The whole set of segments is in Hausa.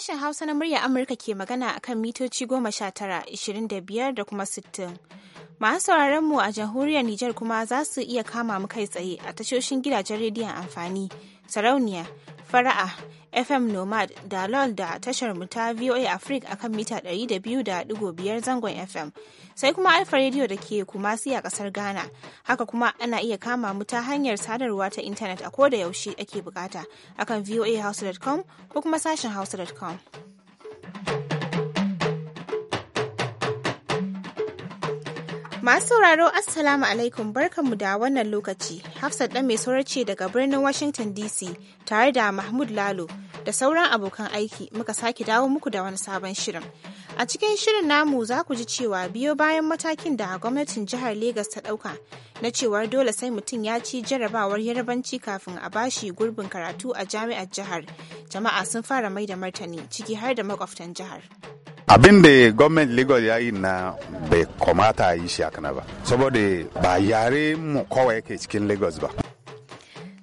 Sashen Hausa na murya Amurka ke magana a kan mitoci goma sha tara, ishirin da biyar da kuma sittin. Masu sauraron mu a jamhuriyar Nijar kuma za su iya kama mu kai tsaye a tashoshin gidajen rediyon amfani, sarauniya, fara'a, FM Nomad da LOL da tashar mu ta VOA Africa akan mita 200.5 zangon FM. Sai kuma Alfa Radio da ke Kumasi a kasar Ghana. Haka kuma ana iya kama mu ta hanyar sadarwa ta intanet a koda yaushe ake bukata akan voahouse.com ko kuma sashen hausa.com. Masu sauraro Assalamu alaikum barkanmu da wannan lokaci. Hafsat dan mai ce daga birnin Washington DC tare da Mahmud Lalo da sauran abokan aiki muka sake dawo muku da wani sabon shirin. A cikin shirin namu za ku ji cewa biyo bayan matakin da gwamnatin jihar Legas ta ɗauka na cewar dole sai mutum ya ci jarabawar yarbanci kafin a bashi gurbin karatu a jami'ar jihar. Jama'a sun fara mai da martani ciki har da makwabtan jihar. abin da gwamnan lagos ya yi na bai kamata a yi shi a kana ba saboda ba yare mu kawai yake cikin lagos ba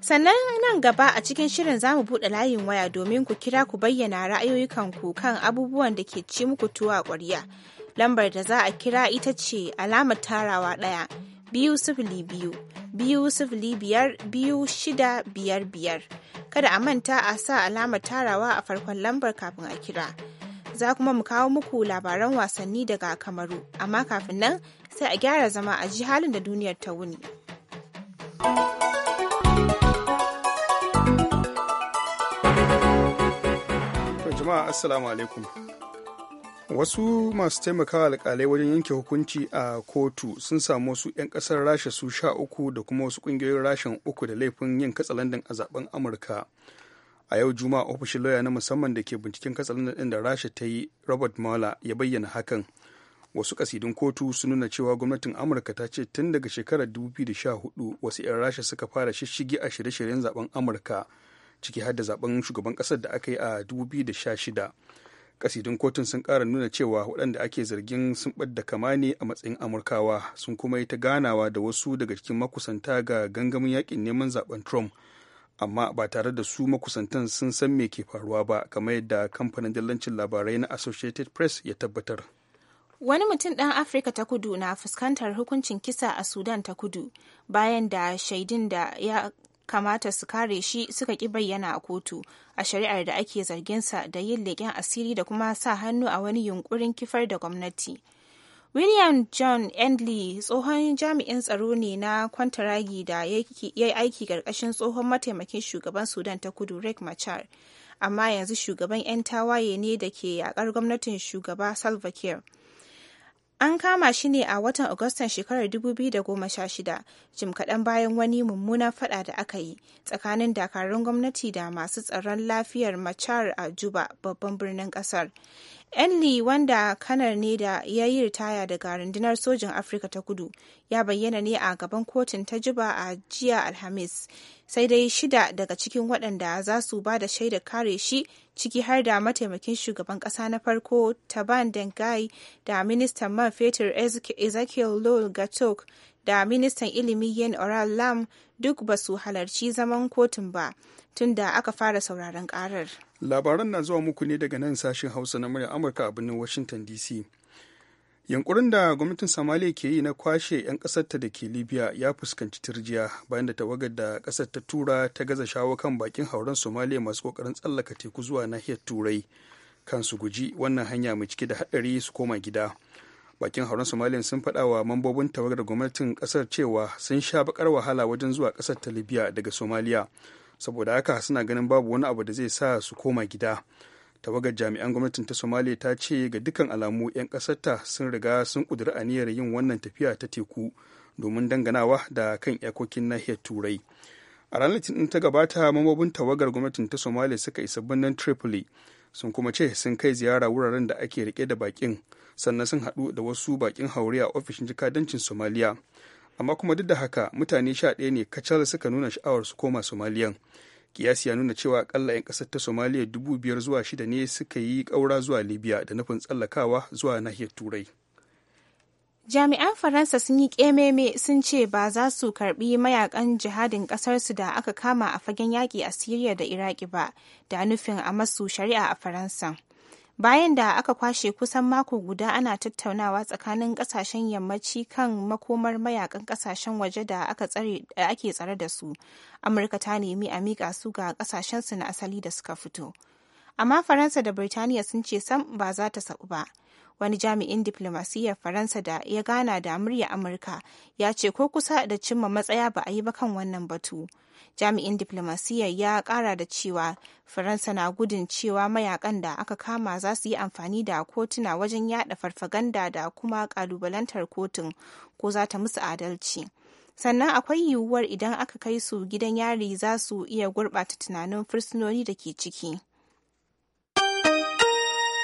sannan nan gaba a cikin shirin za mu buɗe layin waya domin ku kira ku bayyana ra'ayoyinku kan abubuwan da ke ci muku tuwa ƙwarya lambar da za a kira ita ce alamar tarawa ɗaya biyu sifili biyu biyu sifili biyar biyu shida biyar biyar kada a manta a sa alamar tarawa a farkon lambar kafin a kira za kuma mu kawo muku labaran wasanni daga kamaru amma kafin nan sai a gyara zama a ji halin da duniyar ta wuni jama'a assalamu alaikum wasu masu taimakawa alkalai wajen yanke hukunci a kotu sun samu wasu 'yan kasar rasha su sha uku da kuma wasu kungiyoyin rashin uku da laifin yin katsalandan a zaben amurka a yau juma'a ofishin lauya na musamman da ke binciken katsalin din da rasha ta yi robert mueller ya bayyana hakan wasu kasidun kotu sun nuna cewa gwamnatin amurka ta ce tun daga shekarar 2014 wasu 'yan rasha suka fara shishigi a shirye-shiryen zaben amurka ciki har da zaben shugaban kasar da aka yi a 2016 kasidun kotun sun kara nuna cewa waɗanda ake zargin sun ɓadda kama ne a matsayin amurkawa sun kuma yi ta ganawa da wasu daga cikin makusanta ga gangamin yakin neman zaben trump amma ba tare da su makusantan sun san me ke faruwa ba kamar yadda kamfanin dillancin labarai na associated press ya tabbatar wani mutum ɗan afirka ta kudu na fuskantar hukuncin kisa a sudan ta kudu bayan da shaidun da ya kamata su kare shi suka ki bayyana a kotu a shari'ar da ake zarginsa da yin leƙen asiri da kuma sa hannu a wani yunkurin kifar da gwamnati william john endley tsohon jami'in tsaro ne na kwantaragi da ya yi aiki ƙarƙashin tsohon mataimakin shugaban sudan ta kudu Rick machar amma yanzu shugaban 'yan tawaye ne da ke yakar gwamnatin shugaba salva kiir an kama shi ne a watan agustan shekarar 2016 jim kaɗan bayan wani mummunan fada da aka yi tsakanin dakarun gwamnati da masu tsaron lafiyar machar a juba babban birnin ƙasar enli wanda kanar ne da ya yi ritaya daga rundunar sojin afirka ta kudu ya bayyana ne a gaban kotun ta juba a jiya alhamis sai dai shida daga cikin waɗanda za su ba da shaida kare shi ciki har da mataimakin shugaban ƙasa na farko taban dengai da ministan man fetur ezekiel lowell gatok da ministan ilimi yen oral lam duk ba su halarci zaman kotun ba tun da aka fara sauraron karar labaran na zuwa muku ne daga nan sashen hausa na murya amurka a birnin washington dc yankurin da gwamnatin somalia ke yi na kwashe 'yan ƙasarta da ke libya ya fuskanci turjiya bayan da tawagar da ƙasar ta tura ta gaza shawo kan bakin hauren somaliya masu ƙoƙarin tsallaka teku zuwa nahiyar turai kansu guji wannan hanya mai cike da haɗari su koma gida bakin hauren somalia sun faɗa wa mambobin tawagar gwamnatin kasar cewa sun sha bakar wahala wajen zuwa ƙasar ta libya daga somaliya saboda haka suna ganin babu wani abu da zai sa su koma gida tawagar jami'an gwamnatin ta somaliya ta ce ga dukkan alamu 'yan ƙasarta sun riga sun ƙudiri aniyar yin wannan tafiya ta teku domin danganawa da kan iyakokin nahiyar turai a ranar litinin ta gabata mambobin tawagar gwamnatin ta somaliya suka isa birnin tripoli sun kuma ce sun kai ziyara wuraren da ake rike da bakin sannan sun haɗu da wasu bakin haure a ofishin jikadancin somaliya amma kuma duk da haka mutane sha ɗaya ne kacal suka nuna sha'awar su koma somaliyan kiyasi ya nuna cewa akalla 'yan ƙasar ta somaliya dubu biyar zuwa shida ne suka yi ƙaura zuwa libya da nufin tsallakawa zuwa nahiyar turai jami'an faransa sun yi kememe sun ce ba za su karbi mayakan jihadin ƙasarsu da aka kama a fagen yaƙi a siriya da iraki ba da nufin a masu shari'a a faransa bayan da aka kwashe kusan mako guda ana tattaunawa tsakanin kasashen yammaci kan makomar mayakan kasashen waje da ake tsare da su amurka ta nemi a miƙa su ga kasashensu na asali da suka fito amma faransa da birtaniya sun ce sam ba za ta sabu ba wani jami'in diflomasiyyar faransa da ya gana da murya amurka ya ce ko kusa da cimma matsaya ba a yi ba kan wannan batu jami'in diflomasiyyar ya kara da cewa faransa na gudun cewa mayakan da aka kama za su yi amfani da kotuna wajen yada farfaganda da kuma kalubalantar kotun ko za ta musu adalci sannan akwai yiwuwar idan aka kai su gidan yari za su iya gurɓata tunanin fursunoni da ke ciki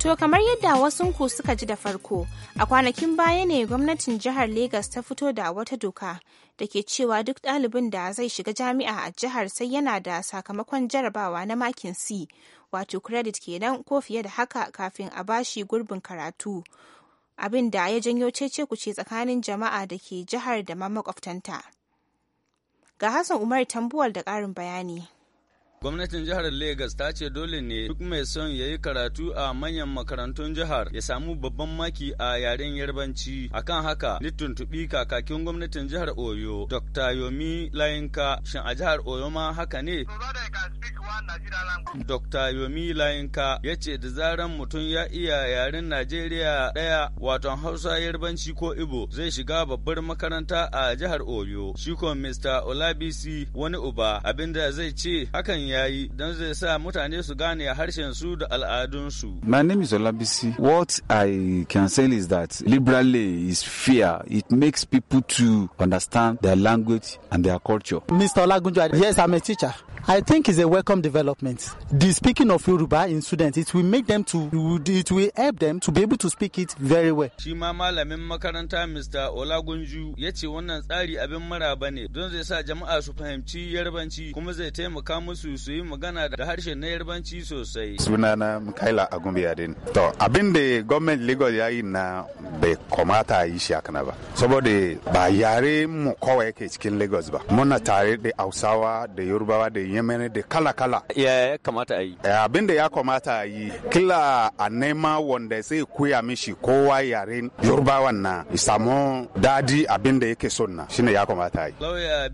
To kamar yadda wasu ku suka ji da farko, a kwanakin baya ne gwamnatin jihar Legas ta fito da wata doka da ke cewa duk ɗalibin da zai shiga jami'a a jihar sai yana da sakamakon jarabawa na makin C, wato credit kenan ko fiye da haka kafin a bashi gurbin karatu. Abin da ya janyo cece ce tsakanin jama'a da ke jihar da ma makwabtanta. Ga Hassan Umar Tambuwal da ƙarin bayani. Gwamnatin jihar Legas ta ce dole ne duk mai son ya yi karatu a manyan makarantun jihar ya samu babban maki a yaren yarbanci. Akan haka, ni tuntuɓi kakakin gwamnatin jihar Oyo, Dr. Yomi Layinka, shin a jihar Oyo ma haka ne? Dr. Yomi Layinka ya ce da zaran mutum ya iya yaren Najeriya ɗaya waton Hausa yarbanci ko Ibo zai shiga babbar makaranta a jihar Oyo. Shi ko Mr. Olabisi wani uba abinda zai ce hakan ya yi don zai sa mutane su gane da al'adunsu. My name is Olabisi. What I can say is that liberally is fear. It makes people to understand their language and their culture. Mr. Olagunjo, yes, I'm a teacher. I think it's a welcome development. The speaking of Yoruba in students, it will make them to, it will help them to be able to speak it very well. Shi ma malamin makaranta Mr. Olagunju ya ce wannan tsari abin ne don zai sa jama'a su fahimci yarbanci kuma zai taimaka musu su yi magana da harshen na yarbanci sosai. Sunana Mikaila Agumbiyadin. To abin da gwamnati Lagos ya yi na bai kamata a yi shi haka ba. Saboda ba yare mu kowa yake cikin Lagos ba. Muna tare da Hausawa da Yorubawa da Yemeni da kala-kala. Ya kamata a yi. Eh, abin da ya kamata a yi kila a nema wanda sai koya mishi kowa yare Yorubawan na samu dadi abin da yake son na shine ya kamata a yi. Lauya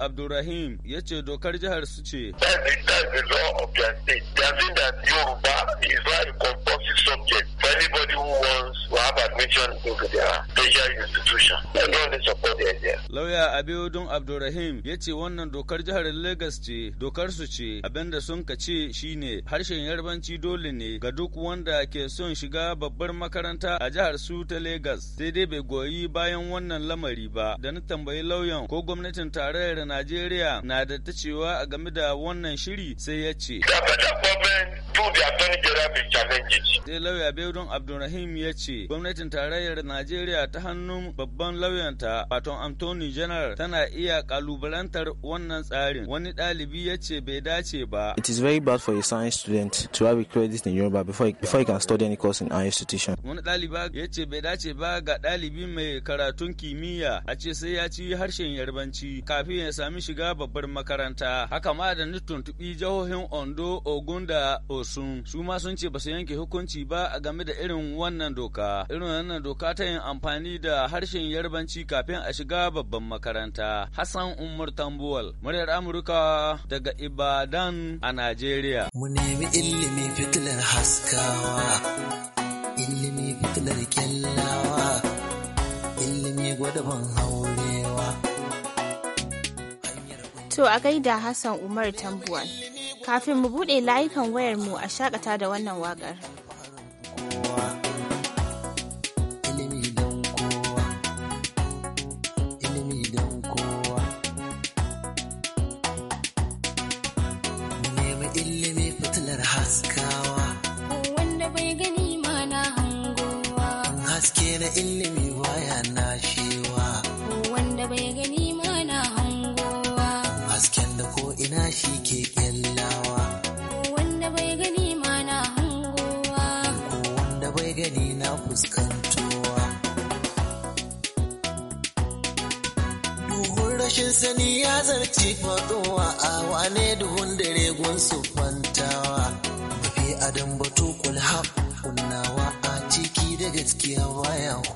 Abdulrahim ya ce dokar jihar su ce. That's the, that's the law of their state. They are saying that Yoruba is not a compulsory subject for anybody who wants to have admission into their special institution. I don't really support the idea. Lauya Abiodun Abdulrahim ya ce wannan dokar jihar Legas ce, dokar su ce, abinda sun ka ce shine harshen yarbanci dole ne ga duk wanda ke son shiga babbar makaranta a jihar su ta Legas. Sai dai bai goyi bayan wannan lamari ba. Da na tambayi lauyan ko gwamnatin tarayyar Najeriya na da ta cewa a game da wannan wannan shiri sai ya ce. Sai lauya Bedon Abdulrahim ya ce gwamnatin tarayyar Najeriya ta hannun babban lauyanta Baton Anthony General tana iya kalubalantar wannan tsarin. Wani ɗalibi ya ce bai dace ba. It is very bad for a science student to have a credit in Yoruba before, before he can study any course in our institution. Wani ɗaliba ya ce bai dace ba ga ɗalibi mai karatun kimiyya a ce sai ya ci harshen yarbanci kafin ya sami shiga babbar makaranta. Haka ma da Nito tuntuɓi jihohin Ondo, Ogun da Osun. Su ma sun ce ba su yanke hukunci ba a game da irin wannan doka. Irin wannan doka ta yin amfani da harshen Yarbanci kafin a shiga babban makaranta. Hassan Umar Tambuwal, muryar Amurka daga Ibadan a Najeriya. Mu nemi ilimi fitilar haskawa, ilimi fitilar kyallawa, haure. To a gaida Hassan Umar Tambuwal. Kafin mu buɗe layukan wayar mu a shakata da wannan waƙar. dare su kwantawa bafi adam batu kulhab kunnawa a ciki da gaskiya baya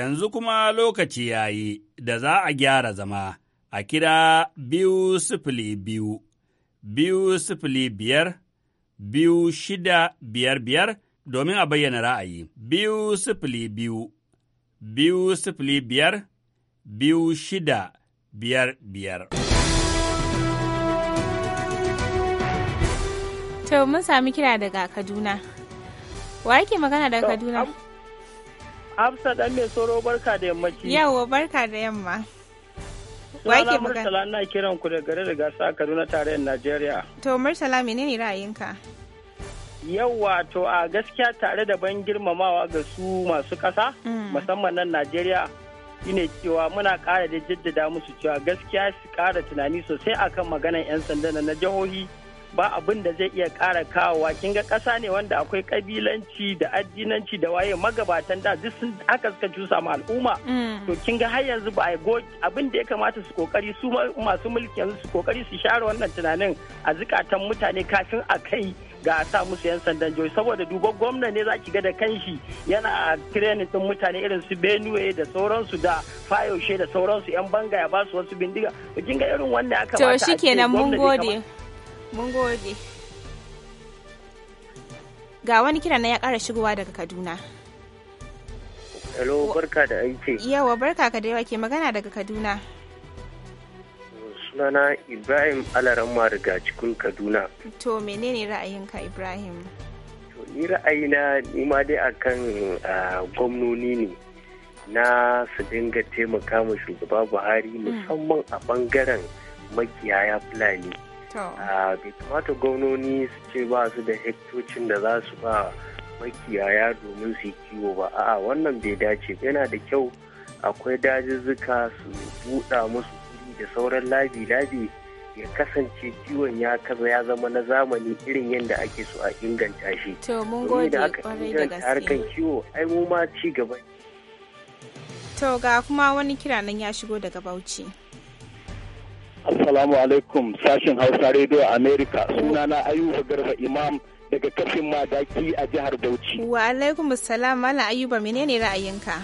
yanzu kuma lokaci ya yi da za a gyara zama a kira biyu sifili biyu, biyu sifili biyar, biyu shida biyar biyar domin a bayyana ra'ayi, biyu sifili biyu, biyu sifili biyar, biyu shida biyar biyar. To, mun sami kira daga Kaduna. Wa yake magana daga Kaduna? Hafsa dan mai soro barka da yammaci. yawo barka da yamma. Wake Murtala na kiran ku da gare da gasa Kaduna tarayyar Najeriya. To Murtala menene ra'ayinka? yau wato a gaskiya tare da ban girmamawa ga su masu ƙasa mm. musamman nan Najeriya shine cewa muna ƙara da jaddada musu cewa gaskiya su ƙara tunani sosai akan maganan 'yan sanda na jihohi. ba abin da zai iya ƙara kawowa kin ga ƙasa ne wanda akwai ƙabilanci da addinanci da waye magabatan da duk sun aka suka cusa ma al'umma mm. to kin ga har yanzu ba abin da ya kamata su kokari su masu mulki yanzu su kokari su share wannan tunanin a zukatan mutane kafin a kai ga a sa musu 'yan sandan jihohi saboda duba gwamna ne za ki ga da kanshi yana a training din mutane irin su benue da sauransu da fayoshe da sauransu 'yan banga ya ba su wasu bindiga kin ga irin wannan ya kamata to shikenan mun gode mun gode ga wani kira na ya kara shigowa daga kaduna hello barka da aiki yawa barka ka yawa ke magana daga kaduna sunana ibrahim alaramma daga cikin kaduna to menene ra'ayinka ibrahim to ni ra'ayina ni ma dai akan gwamnoni ne na su dinga taimaka ma shugaba buhari mm. musamman a bangaren makiyaya fulani a bai kamata gwamnoni su ce ba su da hektocin da za su ba makiyaya domin su yi kiwo ba a'a wannan bai dace yana da kyau akwai dajizzuka su buɗa musu kuri da sauran labi-labi ya kasance kiwon ya kaza ya zama na zamani irin yadda ake so a inganta shi. To mun gode kwarai da gaske. harkan kiwo ai mu ma ci gaba. To ga kuma wani kira ya shigo daga Bauchi. Assalamu alaikum sashen Hausa Radio America sunana Ayuba Garba Imam daga kafin madaki a jihar Bauchi. Wa alaikum salam Malam Ayuba menene ra'ayinka?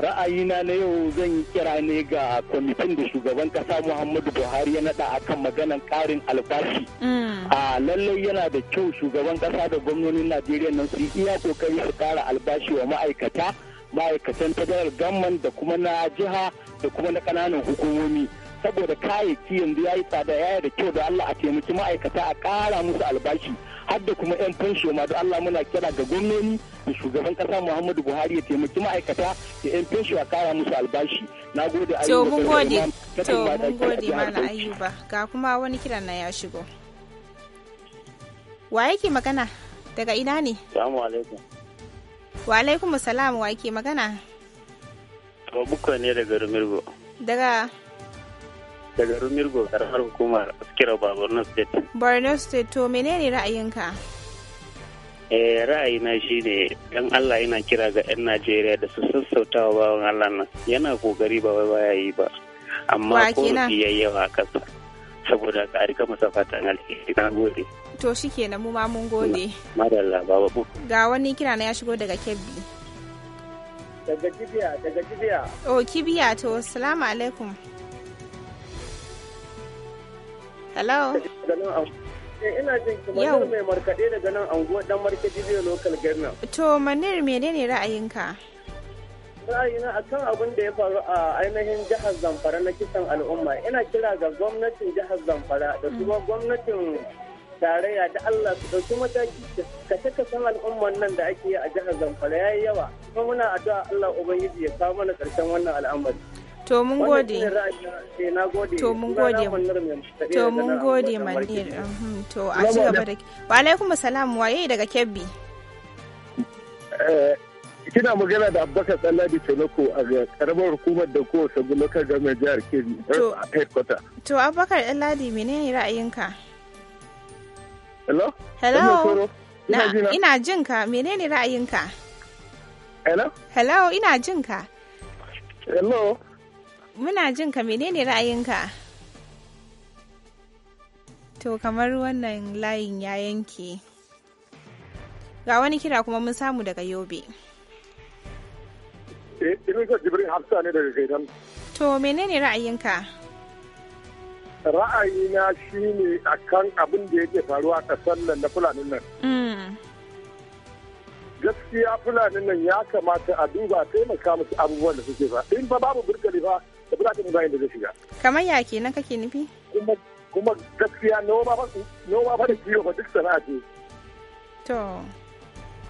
ra'ayina na yau zan yi kira ne ga kwamitin da shugaban kasa Muhammadu Buhari ya nada akan maganan karin albashi. Mm. A lallai yana da kyau shugaban kasa da gwamnonin Najeriya nan su iya kokari su kara albashi wa ma'aikata, ma'aikatan tabarar gamman da kuma na jiha da kuma na ƙananan hukumomi. saboda kayayyaki yanzu ya yi tsada ya da kyau da Allah a taimaki ma'aikata a ƙara musu albashi har da kuma 'yan fansho ma da Allah muna kira ga gwamnoni da shugaban ƙasa Muhammadu Buhari ya taimaki ma'aikata da 'yan fansho a ƙara musu albashi. Na gode Ayuba. To mun gode. To mun gode mana Ayuba. Ga kuma wani kiran na ya shigo. Wa yake magana? Daga ina ne? Salamu alaikum. Wa alaikum salam wa yake magana? bukwa ne daga Rumirgo. Daga daga Rumirgo karamar hukumar Askira ba Borno State. Borno State to menene ra'ayinka? Eh ra'ayina shine dan Allah yana kira ga 'yan Najeriya da su sassautawa bawan Allah nan yana kokari ba wai baya yi ba. Amma ko yayi yawa kasa. Saboda ka rika masa fatan alheri na gode. To shikenan mu ma mun gode. Madalla baba mu. Ga wani kira na ya shigo daga Kebbi. Daga Kibiya, daga Kibiya. Oh Kibiya to salamu alaikum. hello ina jin kamar mai markaɗe daga nan anguwa dan markaɗe zai local government to manir menene ra'ayinka ra'ayina akan abin da ya faru a ainihin jihar zamfara na kisan al'umma ina kira ga gwamnatin jihar zamfara da kuma mm. gwamnatin tarayya da Allah su ɗauki mataki ta kasan al'umman nan da ake yi a jihar zamfara ya yi yawa kuma muna addu'a Allah ubangiji ya kawo mana ƙarshen wannan al'amari To mun eh, gode. To mun gode. To mun gode Mandir. To a ci gaba da Wa alaikum salam waye daga Kebbi. Eh, kina magana da Abubakar Salladi Toloko a karamar hukumar da ko sabu lokal game jihar Kebbi eh, a headquarter. To Abubakar Salladi menene ra'ayinka? Hello? Hello. Na ina jinka menene ra'ayinka? Hello? Hello ina jinka. Hello. muna jin ka menene ra'ayinka to kamar wannan layin ya yanke ga wani kira kuma mun samu daga yobe eh, Idrisa Jibrin Hafsa ne daga To menene ra'ayinka? Ra'ayina shi ne a kan abin da yake faruwa a ƙasar nan na Fulanin nan. Mm. Gaskiya Fulanin nan ya kamata a duba taimaka musu abubuwan da suke ba. In ba babu burkali ba da ba bayan da zai shiga. Kamar ya ke nan kake nufi? Kuma gaskiya noma fa da kiwo fa duk sana'a ce. To.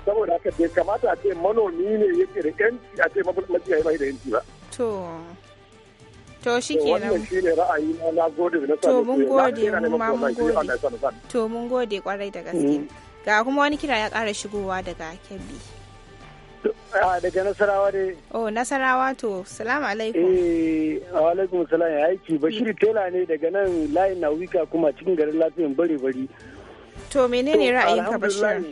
Saboda haka bai kamata a ce manomi ne yake da yanci a ce ya yi da yanci ba. To. To shi nan. Wannan shi ne ra'ayi na na gode da na sa. To mun gode mun ma mun gode. To mun gode kwarai da gaske. Mm. Ga kuma wani kira ya ƙara shigowa daga Kebbi. Ah, daga nasarawa ne. Oh, nasarawa to, salamu alaikum. Eh, wa alaikum salam ya aiki. Bashir tela ne daga nan layin na wika kuma cikin garin lafiyan bare bari. To, menene ra'ayinka Bashir?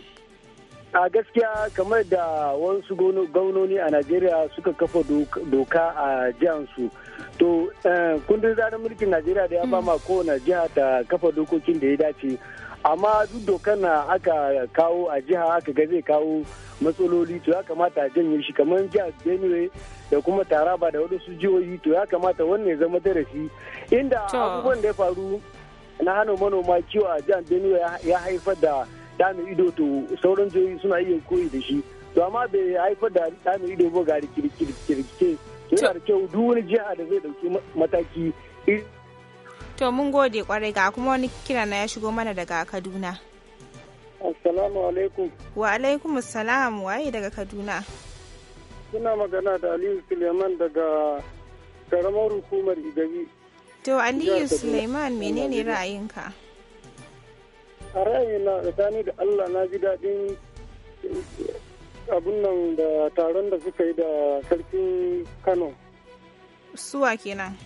A gaskiya kamar da wasu gaunoni a Najeriya suka kafa doka a jihansu. To, eh, kundin zarar mulkin Najeriya da ya ba mm. ma kowane jiha ta kafa dokokin da ya dace. amma duk dokar na aka kawo a jiha aka ga zai kawo matsaloli to ya kamata a janye shi kamar jihar benue da kuma taraba da wadansu jihohi to ya kamata wannan ya zama darasi inda abubuwan da ya faru na hana manoma kiwo a jihar benue ya haifar da dami ido to sauran jihohi suna iya koyi da shi to amma bai haifar da dami ido ba ga rikirkirkirke yana da kyau duk wani jiha da zai dauki mataki to mun gode kwarai ga kuma wani kira na ya shigo mana daga kaduna assalamu alaikum wa alaikum assalam waye daga kaduna suna magana da aliyu suleiman daga karamar hukumar igabi to aliyu suleiman menene ra'ayinka a ra'ayina tsakani da allah na ji daɗin abun nan da taron da suka yi da sarkin kano suwa kenan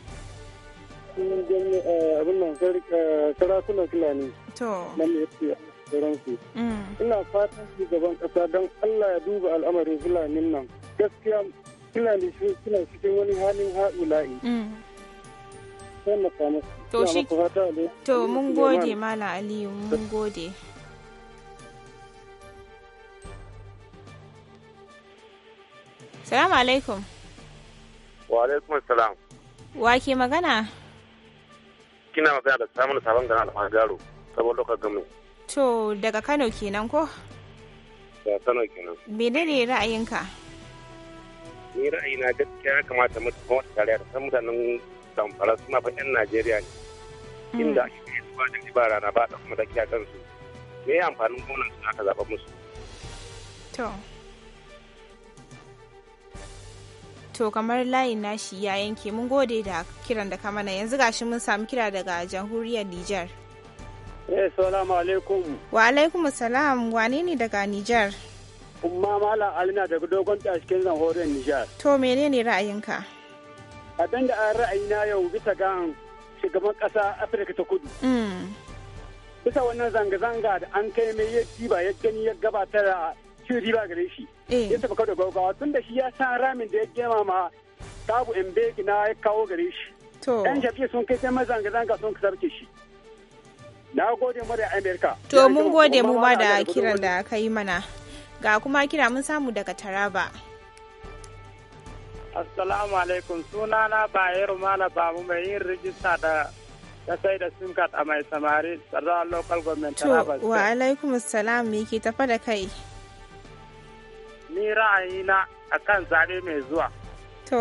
Eh, abin nan sarakunan fulani na sauransu. Mm. Ina fatan shugaban kasa don Allah ya duba al'amarin fulani nan. Gaskiya fulani suna cikin wani halin mm. To shi to Wa alaikum salam. Wa ke magana? kina magana da samun sabon gana da almagaro saboda ka gamu to daga kano kenan ko Da kano kenan menene ra'ayinka ni ra'ayina gaskiya ya kamata mu kuma wata tare da san mutanen zamfara suna fa yan najeriya ne mm. inda ake yi su ba da rana ba da kuma da kiya kansu me amfanin gonan suna aka zaba musu to to kamar layin nashi ya yanke mun gode da kiran da ka na, yanzu gashi mun samu kira daga jamhuriyar Nijar. Eh salamu alaikum. Wa alaikum salam wane ne daga Nijar? Umma mala Alina daga dogon ta cikin jamhuriyar Nijar. To menene ra'ayinka? Abin da an ra'ayi na yau bisa ga shugaban ƙasa Afirka ta Kudu. Mm. Bisa wannan zanga-zanga da an kai mai yadda ba ya gani ya gabatar cin riba gare shi eh. ya tafi da gaugawa tun da shi ya san ramin da ya gema ma tabu mbeki na ya kawo gare shi yan shafi sun kai sai mazanga-zanga sun sarke shi na gode mu da amerika to mun gode mu ba da kiran da ka yi mana ga kuma kira mun samu daga taraba assalamu alaikum suna na bayero mala Bamu mai yin rijista da ta sai da sun a mai samari tsarar local government taraba wa alaikum assalam me ke tafa da kai ni ra'ayina a kan zaɓe mai zuwa. To.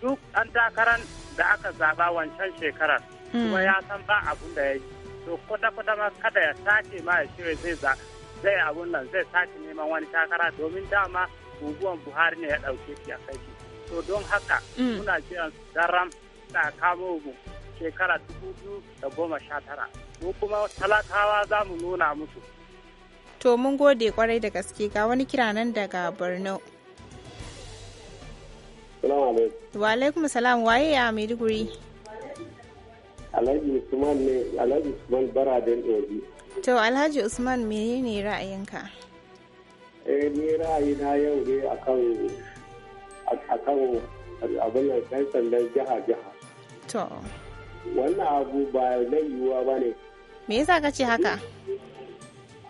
Duk an takarar da aka zaɓa wancan shekarar, hmm. kuma ya san ba abun da ya yi. To kwata-kwata ma kada ya sace ma ya shirya zai za zai abun nan zai sace neman wani takara domin dama guguwan Buhari ne ya ɗauke ya kai shi. To don haka hmm. muna jiran daram da kamo mu shekara dubu biyu da goma sha tara. Mu kuma talakawa za mu nuna musu. To mun gode kwarai da gaske ga wani kira nan daga Borno. Wa alaikum salam waye ya Maiduguri? Alhaji Usman ne, Alhaji Usman Baraden Oji. To Alhaji Usman menene ra'ayinka? Eh ni ra'ayi na yau ne akan akan abin da ɗan sandan jiha jiha. To. Wannan abu ba zai yiwuwa ba ne. Me yasa ka ce haka?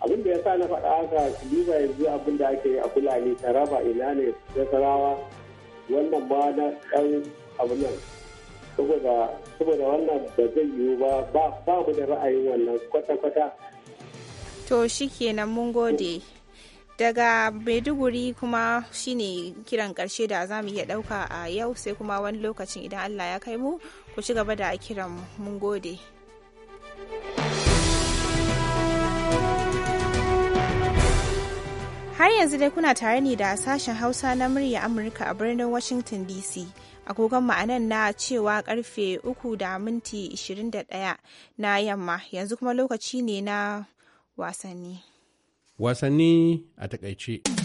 abin da ya sa na faɗa haka duba yanzu abin da ake yi a fulani ta raba ina ne nasarawa wannan ba na ɗan abu nan saboda wannan ba zai yiwu ba ba mu da ra'ayin wannan kwata-kwata to shikenan mun gode daga maiduguri kuma shine kiran karshe da za mu iya ɗauka a yau sai kuma wani lokacin idan allah ya kai mu ku ci gaba da kiran mun gode Har yanzu dai kuna tare ne da sashen Hausa na murya Amurka a birnin Washington DC. Agogon ma'anan na cewa karfe 3 da minti 21 na yamma yanzu kuma lokaci ne na wasanni. Wasanni a takaice.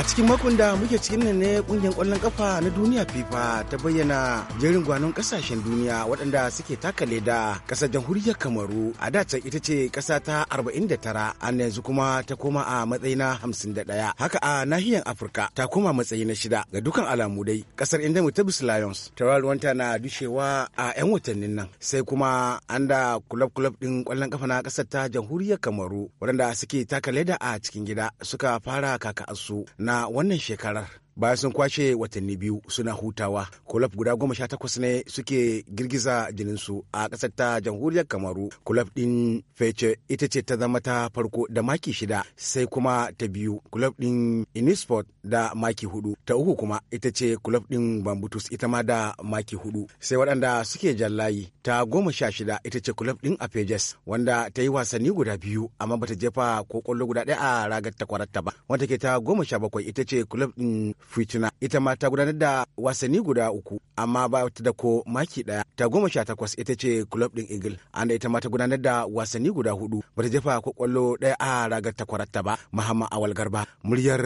a cikin makon da muke cikin ne kungiyar kwallon kafa na duniya fifa ta bayyana jerin gwanon kasashen duniya waɗanda suke taka leda ƙasar jamhuriyar kamaru a da ita ce ƙasa ta 49 an yanzu kuma ta koma a matsayi na 51 haka a nahiyar afirka ta koma matsayi na shida ga dukan alamu dai ƙasar inda mu tabis lions ta na dushewa a 'yan watannin nan sai kuma an da kulab kulab ɗin kwallon kafa na ƙasar ta jamhuriyar kamaru waɗanda suke taka leda a cikin gida suka fara kaka na na wannan shekarar bayan sun kwashe watanni biyu suna hutawa kulob guda goma sha takwas ne suke girgiza su a ƙasar ta jamhuriyar kamaru kulob ɗin fece ita ce ta zama ta farko da maki shida sai kuma ta biyu kulob ɗin inisport da maki hudu ta uku kuma ita ce kulaf ɗin bambutus ita ma da maki hudu sai waɗanda suke jallayi ta goma sha shida ita ce kulaf ɗin apejes wanda ta yi wasanni guda biyu amma bata jefa ko kwallo guda ɗaya a ragar takwararta ba wanda ke ta goma sha bakwai ita ce kulaf ɗin fitina ita ma ta gudanar da wasanni guda uku amma ba ta da ko maki daya ta goma sha takwas ita ce club din eagle anda ita ma ta gudanar da wasanni guda hudu ba ta jefa kwallo daya a ragar takwararta ba muhammad awal garba muryar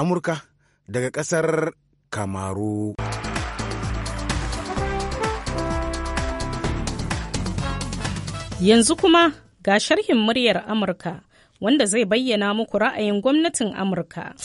amurka daga kasar kamaru. Yanzu kuma ga sharhin muryar Amurka wanda zai bayyana muku ra'ayin gwamnatin Amurka.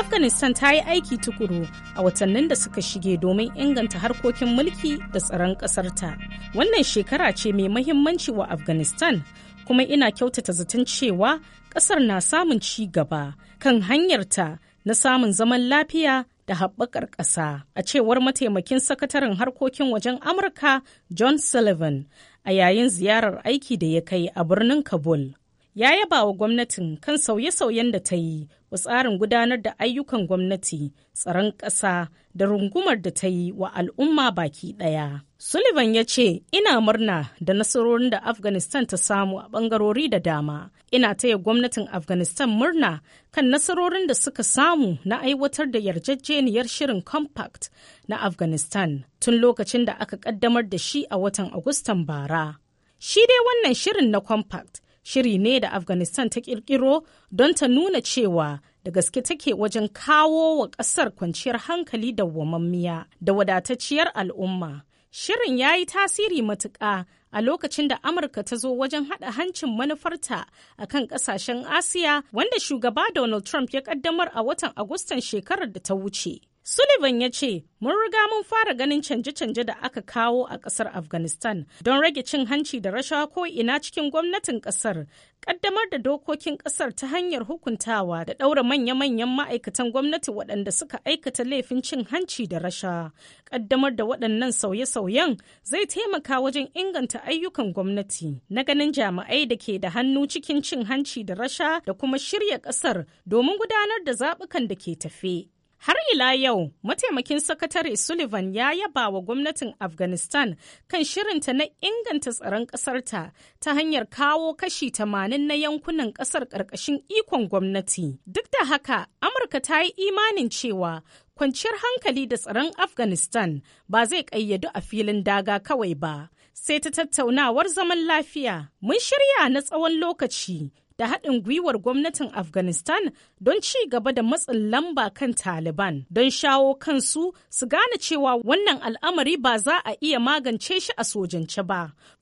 afghanistan ta yi aiki tukuru a watannin da suka shige domin inganta harkokin mulki da tsaron ƙasarta wannan shekara ce mai mahimmanci wa afghanistan kuma ina kyautata zaton cewa ƙasar na samun ci gaba kan hanyarta na samun zaman lafiya da haɓakar ƙasa a cewar mataimakin sakataren harkokin wajen amurka john sullivan a yayin ziyarar aiki da ya kai a birnin kabul ya yaba wa gwamnatin kan sauye-sauyen da ta yi wa tsarin gudanar da ayyukan gwamnati tsaron ƙasa da rungumar da ta yi wa al'umma baki ɗaya. Sullivan ya ce, Ina murna da nasarorin da Afghanistan ta samu a ɓangarori da dama. Ina taya gwamnatin Afghanistan murna kan nasarorin da suka samu na aiwatar da yarjejeniyar shirin Compact na Afghanistan tun lokacin da aka ƙaddamar da shi a watan Agustan bara. Shi dai wannan shirin na Compact shiri ne da afghanistan ta kirkiro don ta nuna cewa da gaske take wajen kawo wa ƙasar kwanciyar hankali da wamammiya da wadatacciyar al'umma shirin ya yi tasiri matuƙa a lokacin da amurka ta zo wajen haɗa hancin manufarta a kan ƙasashen asiya wanda shugaba donald trump ya ƙaddamar a watan agustan shekarar da ta wuce Sullivan ya ce, Mun riga mun fara ganin canje-canje da aka kawo a ƙasar Afghanistan don rage cin hanci da rashawa ko ina cikin gwamnatin ƙasar, ƙaddamar da dokokin ƙasar ta hanyar hukuntawa da ɗaura manya-manyan ma'aikatan gwamnati waɗanda suka aikata laifin cin hanci da rasha. Ƙaddamar da waɗannan sauye-sauyen zai taimaka wajen inganta ayyukan gwamnati na ganin jami'ai da ke da hannu cikin cin hanci da rasha da kuma shirya ƙasar domin gudanar da zaɓukan da ke tafe. Har ila yau, mataimakin sakatare Sullivan ya yaba wa gwamnatin Afghanistan kan shirinta na inganta tsaron ƙasarta ta hanyar kawo kashi tamanin na yankunan ƙasar ƙarƙashin ikon gwamnati. Duk da haka, Amurka ta yi imanin cewa kwanciyar hankali da tsaron Afghanistan ba zai ƙayyadu a filin daga kawai ba. Sai ta tattaunawar zaman lafiya, mun shirya na tsawon lokaci da haɗin gwiwar gwamnatin Afghanistan don ci gaba da matsin lamba kan Taliban don shawo kansu su gane cewa wannan al'amari ba za a iya magance shi a sojance ba.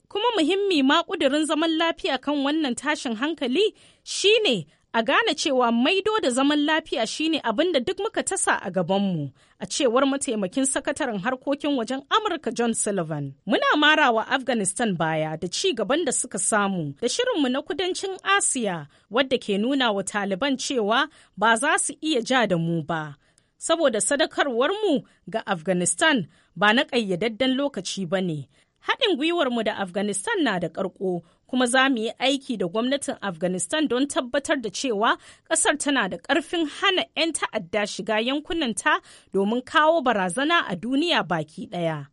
Kuma muhimmi ma ƙudurin zaman lafiya kan wannan tashin hankali shine a gane cewa maido da zaman lafiya shine abin da duk muka tasa a gabanmu a cewar mataimakin sakataren harkokin wajen amurka john sullivan muna marawa afghanistan baya da ci gaban da suka samu da shirin mu na kudancin asiya wadda ke nuna wa taliban cewa ba za su iya ja da mu ba saboda mu ga afghanistan ba na ƙayyadadden lokaci ba ne haɗin mu da afghanistan na da ƙarko. kuma za mu yi aiki da gwamnatin afghanistan don tabbatar da cewa ƙasar tana da ƙarfin hana 'yan ta'adda shiga yankunanta domin kawo barazana a duniya baki ɗaya.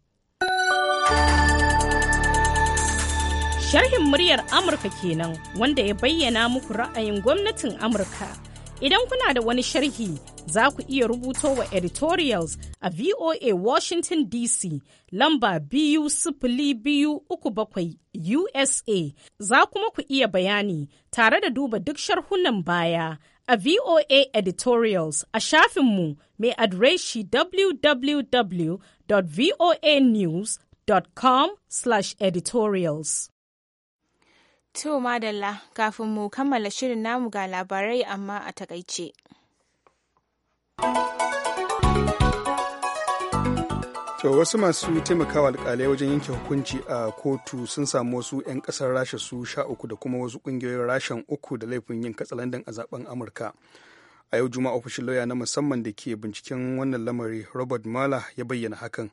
Sharhin muryar Amurka kenan wanda ya bayyana muku ra'ayin gwamnatin Amurka. Idan kuna da wani sharhi za ku iya rubuto wa editorials a VOA Washington DC lamba biyu sifili biyu uku bakwai USA za kuma ku iya bayani tare da duba duk sharhunan baya a VOA editorials a shafinmu mai adireshi www.voanews.com/editorials. To madalla kafin mu kammala shirin namu ga labarai amma a takaice. To wasu masu taimakawa alkalai wajen yanke hukunci a kotu sun samu wasu 'yan kasar rasha su sha uku da kuma wasu kungiyoyin rashan uku da laifin yin katsalandan a zaben amurka a yau juma'a ofishin lauya na musamman da ke binciken wannan lamari robert mala ya bayyana hakan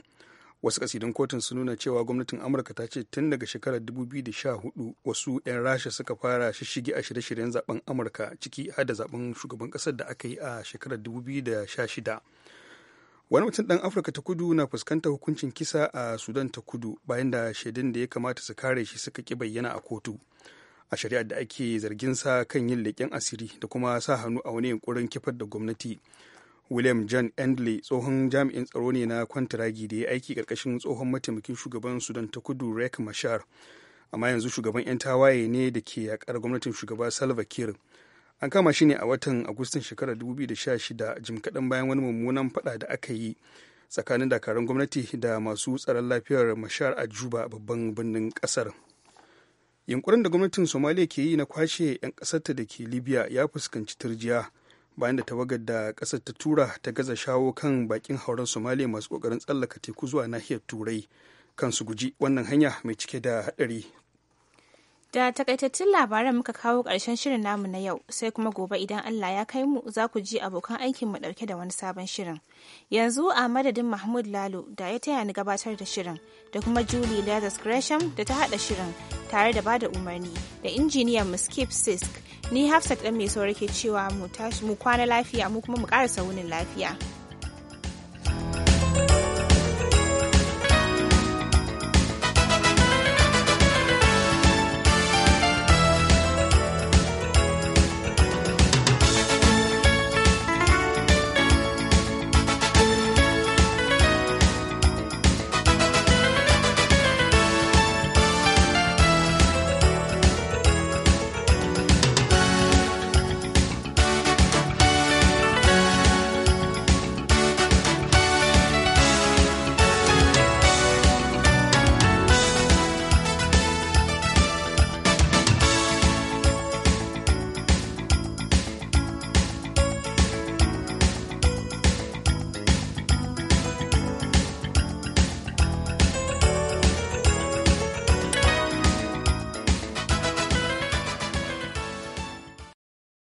wasu kasidun kotun su nuna cewa gwamnatin amurka ta ce tun daga shekarar 2014 wasu 'yan rasha suka fara shishigi a shirye-shiryen zaben amurka ciki har da zaben shugaban kasar da aka yi a shekarar 2016 wani mutum ɗan afirka ta kudu na fuskantar hukuncin kisa a sudan ta kudu bayan da shaidun da ya kamata su kare shi suka ki bayyana a kotu a shari'ar da ake zargin sa kan yin leƙen asiri da kuma sa hannu a wani yunkurin kifar da gwamnati william john endley tsohon jami'in tsaro ne na kwantaragi da ya aiki karkashin tsohon mataimakin shugaban sudan ta kudu rek mashar amma yanzu shugaban 'yan tawaye ne da ke yakar gwamnatin shugaba salva kiir an kama shi ne a watan agustan shekarar 2016 jim kaɗan bayan wani mummunan faɗa da aka yi tsakanin dakarun gwamnati da masu tsaron lafiyar mashar a juba babban birnin ƙasar yunkurin da gwamnatin somaliya ke yi na kwashe 'yan ƙasarta da ke libya ya fuskanci turjiya bayan da tawagar da ƙasar ta tura ta gaza shawo kan bakin hauren somaliya masu kokarin tsallaka teku zuwa nahiyar turai kan su guji wannan hanya mai cike da haɗari da takaitattun labaran muka kawo ƙarshen shirin namu na yau sai kuma gobe idan allah ya kai mu za ku ji abokan aikinmu ɗauke da wani sabon shirin yanzu a madadin mahmud lalo da ya taya ni gabatar da shirin da kuma julie leathers gresham da ta haɗa shirin tare da bada umarni da injiniyan mu skip sisk ni hafsat dan mai saurake cewa mu kwana lafiya mu kuma mu ƙara saunin lafiya